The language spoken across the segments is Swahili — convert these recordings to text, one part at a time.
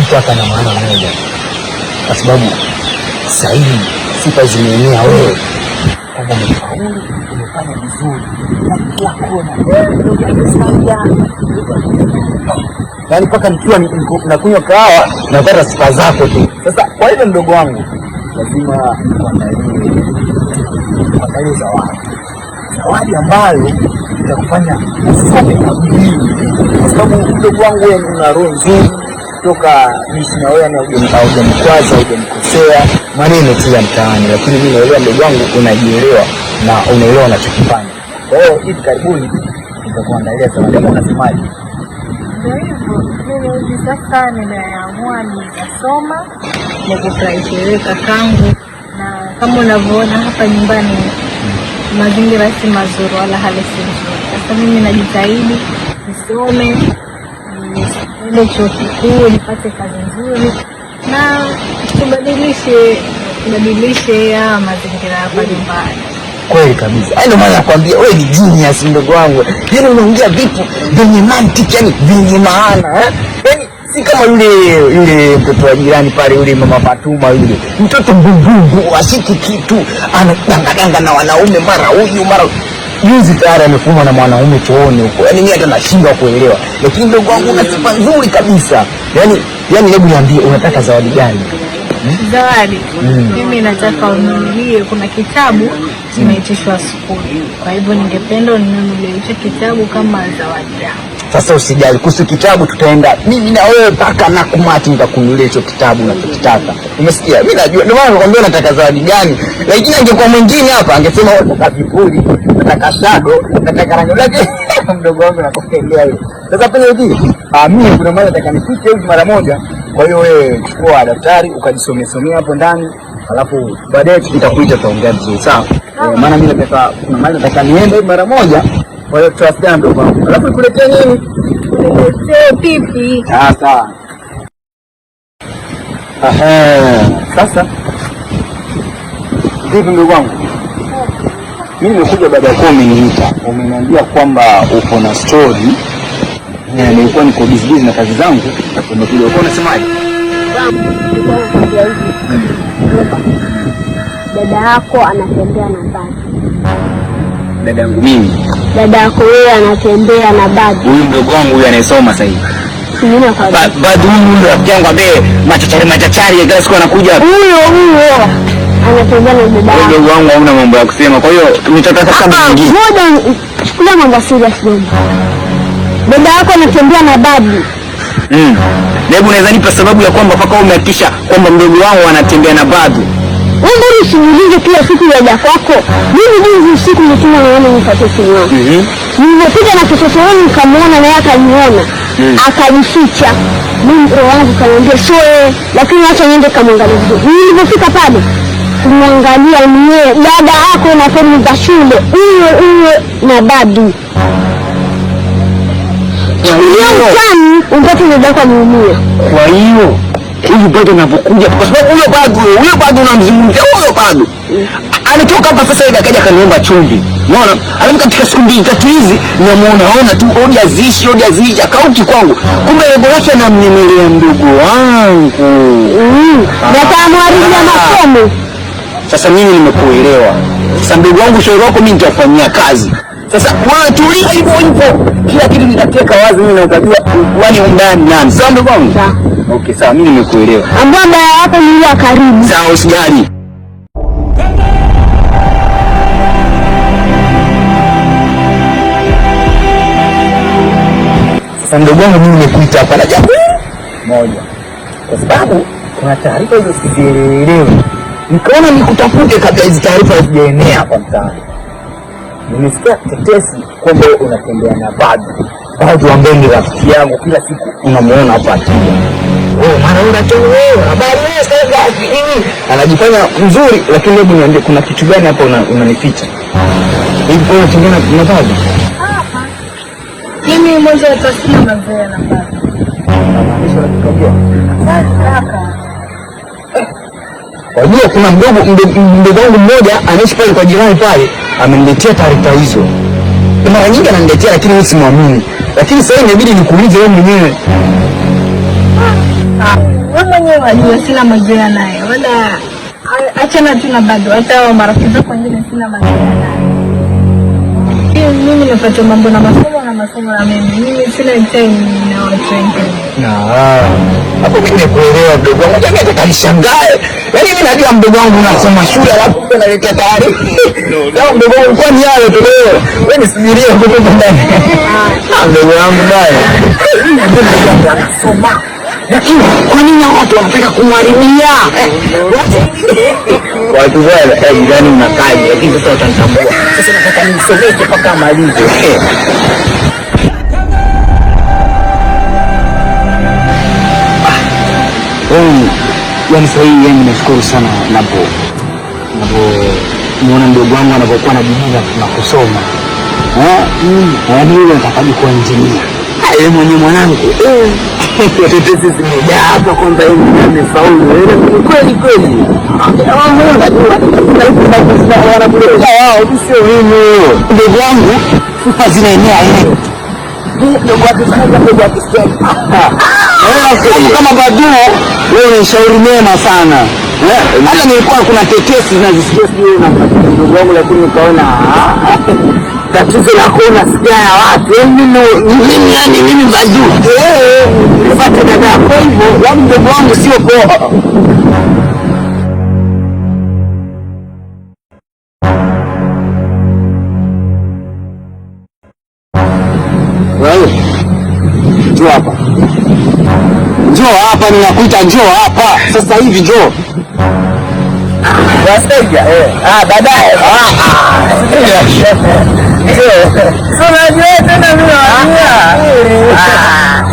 mtu hapa na maana moja, kwa sababu sahihi sifa zimeenea wewe kwamba umefaulu, umefanya vizuri na kila kona yaani mpaka nikiwa nakunywa kahawa napata sifa zako tu. Sasa kwa hivyo, mdogo wangu, lazima kuangalie zawadi, zawadi ambayo itakufanya usome kwa bidii, kwa sababu mdogo wangu, wewe una roho nzuri toka na wewe na hujamkwaza maneno tu ya mtaani, lakini mimi naelewa ndugu wangu, unajielewa na unaelewa unachokifanya. Kwa hiyo hivi karibuni nitakuandalia zawadi. Unasemaje? Mimi sasa nimeamua nitasoma nikufurahishe wewe kakangu, na kama unavyoona hapa nyumbani mazingira si mazuri wala hali si nzuri. Sasa mimi najitahidi nisome labda chuo kikuu nipate kazi nzuri na tubadilishe tubadilishe ya mazingira hapa nyumbani. Kweli kabisa, yaani ndio maana nakwambia wewe ni genius mdogo wangu, yaani unaongea vitu vyenye mantiki, yani vyenye maana eh? yaani si kama yule yule mtoto wa jirani pale, yule mama Fatuma, yule mtoto mbumbu ashiki kitu anadangadanga na wanaume, mara huyu mara Juzi tayari amefumwa na mwanaume chooni huko, yaani mimi hata nashindwa kuelewa, lakini mdogo wangu una sifa nzuri kabisa. Yaani yaani, hebu niambie, unataka zawadi gani? Hmm? Zawadi hmm. Mimi nataka uninunulie, kuna kitabu hmm. kimeitishwa sukuli skuli, kwa hivyo ningependa uninunulie hicho kitabu kama zawadi yangu. Sasa usijali kuhusu kitabu, tutaenda mimi na wewe mpaka na kumati, nitakunulia hicho kitabu unachokitaka. Umesikia? Mimi najua, ndio maana nakwambia nataka zawadi gani. Lakini angekuwa mwingine hapa angesema nataka vipuli, nataka shago, nataka rangi, lakini mdogo wangu nakokelea hiyo. Sasa pale hivi, ah, mimi kuna mara nataka nifike hivi mara moja. Kwa hiyo wewe chukua daftari ukajisomea somea hapo ndani, alafu baadaye tutakuita, tuongea vizuri, sawa? Eh, maana mimi nataka kuna mara nataka niende mara moja kwa hiyo tutawasiliana ndugu wangu. Alafu nikuletee nini? Nikuletee pipi. Sasa. Aha, sasa vipi ndugu wangu? Mimi nimekuja baada ya kuwa umeniita, umeniambia kwamba uko na story. Nilikuwa niko busy busy na kazi zangu, nimekuja. Uko unasemaje? Dada yako anatembea na basi dada yangu mimi. Dada yako wewe anatembea na babu. Huyu mdogo wangu huyu anayesoma sasa hivi. Bado huyu rafiki yangu ambaye machachari machachari kila siku anakuja. Huyo huyo. Anatembea na dada. Mdogo wangu hauna mambo ya kusema. Kwa hiyo kama mwingine. Ngoja chukulia mambo serious jomba. Dada yako anatembea na bado. Mm. Hebu naweza nipa sababu ya kwamba mpaka umehakikisha kwamba mdogo wangu anatembea na bado. Mbona usijiulize kila siku yaja kwako? Mimi juzi usiku nilituma naona nipate simu yangu. Nimepita na kitoto wangu nikamwona naye akaniona. Mhm. Akanificha. Mimi roho yangu kaniambia soe, lakini acha niende kamwangalia vizuri. Nilipofika pale kumwangalia nie dada yako na fomu za shule uwe uwe na badu ulio utani ungati dada yako ameumia. Kwa hiyo huyu bado anapokuja, kwa sababu huyo bado huyo bado unamzungumzia huyo bado alitoka hapa sasa hivi akaja kaniomba chumvi, unaona. Alafu katika siku mbili tatu hizi namuona ona tu odi azishi odi azishi akaunti kwangu, kumbe lengo lake anamnyemelea ndugu wangu mm-hmm. ah. na kamwharibia masomo. Sasa mimi nimekuelewa. Sasa ndugu wangu, shauri wako mimi nitafanyia kazi. Sasa watulia hivyo hivyo, kila kitu nitateka wazi mimi na utajua wani undani nani. Sawa ndugu wangu? Okay, sawa mimi nimekuelewa. Ambao mbaya yako ni yule karibu. Sawa usijali. Sasa ndugu wangu, mimi nimekuita hapa na jambo moja. Kwa sababu kuna taarifa hizo sizielewi. Nikaona nikutafute kabla hizo taarifa hazijaenea hapa mtaani nimesikia tetesi kwamba unatembea na Badu. Badu ambaye ni rafiki yangu, kila siku unamuona hapa oh, anajifanya mzuri, lakini hebu niambie, kuna kitu gani hapa unanificha? hivi kwa Unatembea na Badu? Mimi mmoja sina mazoea na Badu. Wajua kuna mdogo mdogo wangu mmoja anaishi pale kwa jirani pale, ameniletea taarifa hizo. Mara nyingi ananiletea, lakini mimi simwamini. Lakini sasa inabidi nikuulize wewe mwenyewe. Ah, ah, wewe mwenyewe unajua sina mazoea naye. Wala achana tu na bado hata marafiki zako wengine sina mazoea mimi nafuata mambo na masomo na masomo na mimi. Mimi sina time na watu wengine. Hapo mimi nimekuelewa mdogo wangu, mimi nataka Yaani mimi najua mdogo wangu unasoma shule alafu mpe taarifa. Sasa yaani mdogo wangu kwa ni yale tu Wewe nisubirie huko kwa ndani. Mdogo wangu baya. Lakini kwa nini watu wanataka kumharibia? watu wao wanataka jirani mnakaje, lakini sasa watanitambua. Sasa nataka nimsogeze mpaka amalize. Yani sasa hii yani nashukuru sana napo napo muona mdogo wangu anapokuwa na bidii na kusoma. Eh, yaani yule atakaje kuwa injinia yeye mwenye mwanangu eh. tetesi zimejaa hapa kwamba yeye amefaulu kweli kweli, ah, wao, ah, ah, sio mimi. Ndugu wangu, sifa zinaenea kama Baduu. Wewe ni shauri mema sana. Eh, hata nilikuwa kuna tetesi nazisikia, sijui ndugu wangu, lakini nikaona tatizo la kuona unasikia ya watu yaani mimi, yani mimi bajuu yaani eh, eh. nipate dada. Kwa hivyo mdogo wangu sio poa. Njoo hapa, njoo hapa, ninakuita njoo hapa sasa hivi, njoo eh. ah, baadaye ah, ah. Ah.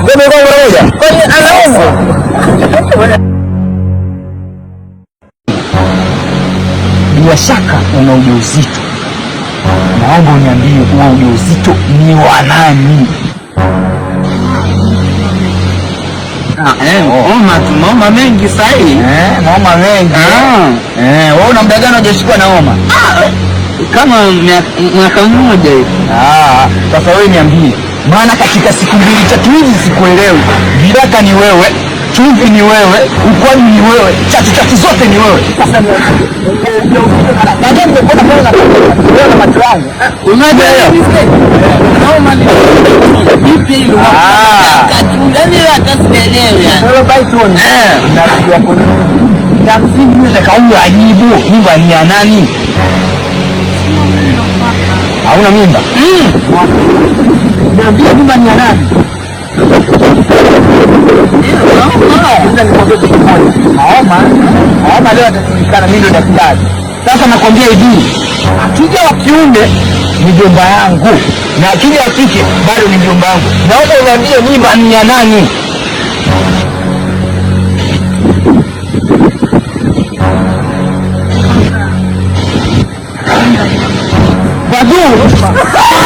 Bila shaka una ujauzito, naomba uniambie huo ujauzito ni wa nani? Ah, eh, maoma mengi sahii, eh, maoma mengi. Ah. Eh, wewe una muda gani hujashikwa na homa? kama mwaka mmoja hivi. Ah, sasa wewe niambie, maana katika siku mbili tatu hizi sikuelewi. Viraka ni wewe, chumvi ni wewe, ukwaju ni wewe, chatu chatu zote ni wewe. Sasa eh. ajibu nyumba ni ya nani? Hauna mimba? Niambia mimba ni nani? Aoma leo mimi daktari. Sasa nakwambia hivi, akija wa kiume ni jomba yangu na akija wa kike bado ni mjomba yangu. Naomba uniambie mimba ni ya nani? 六。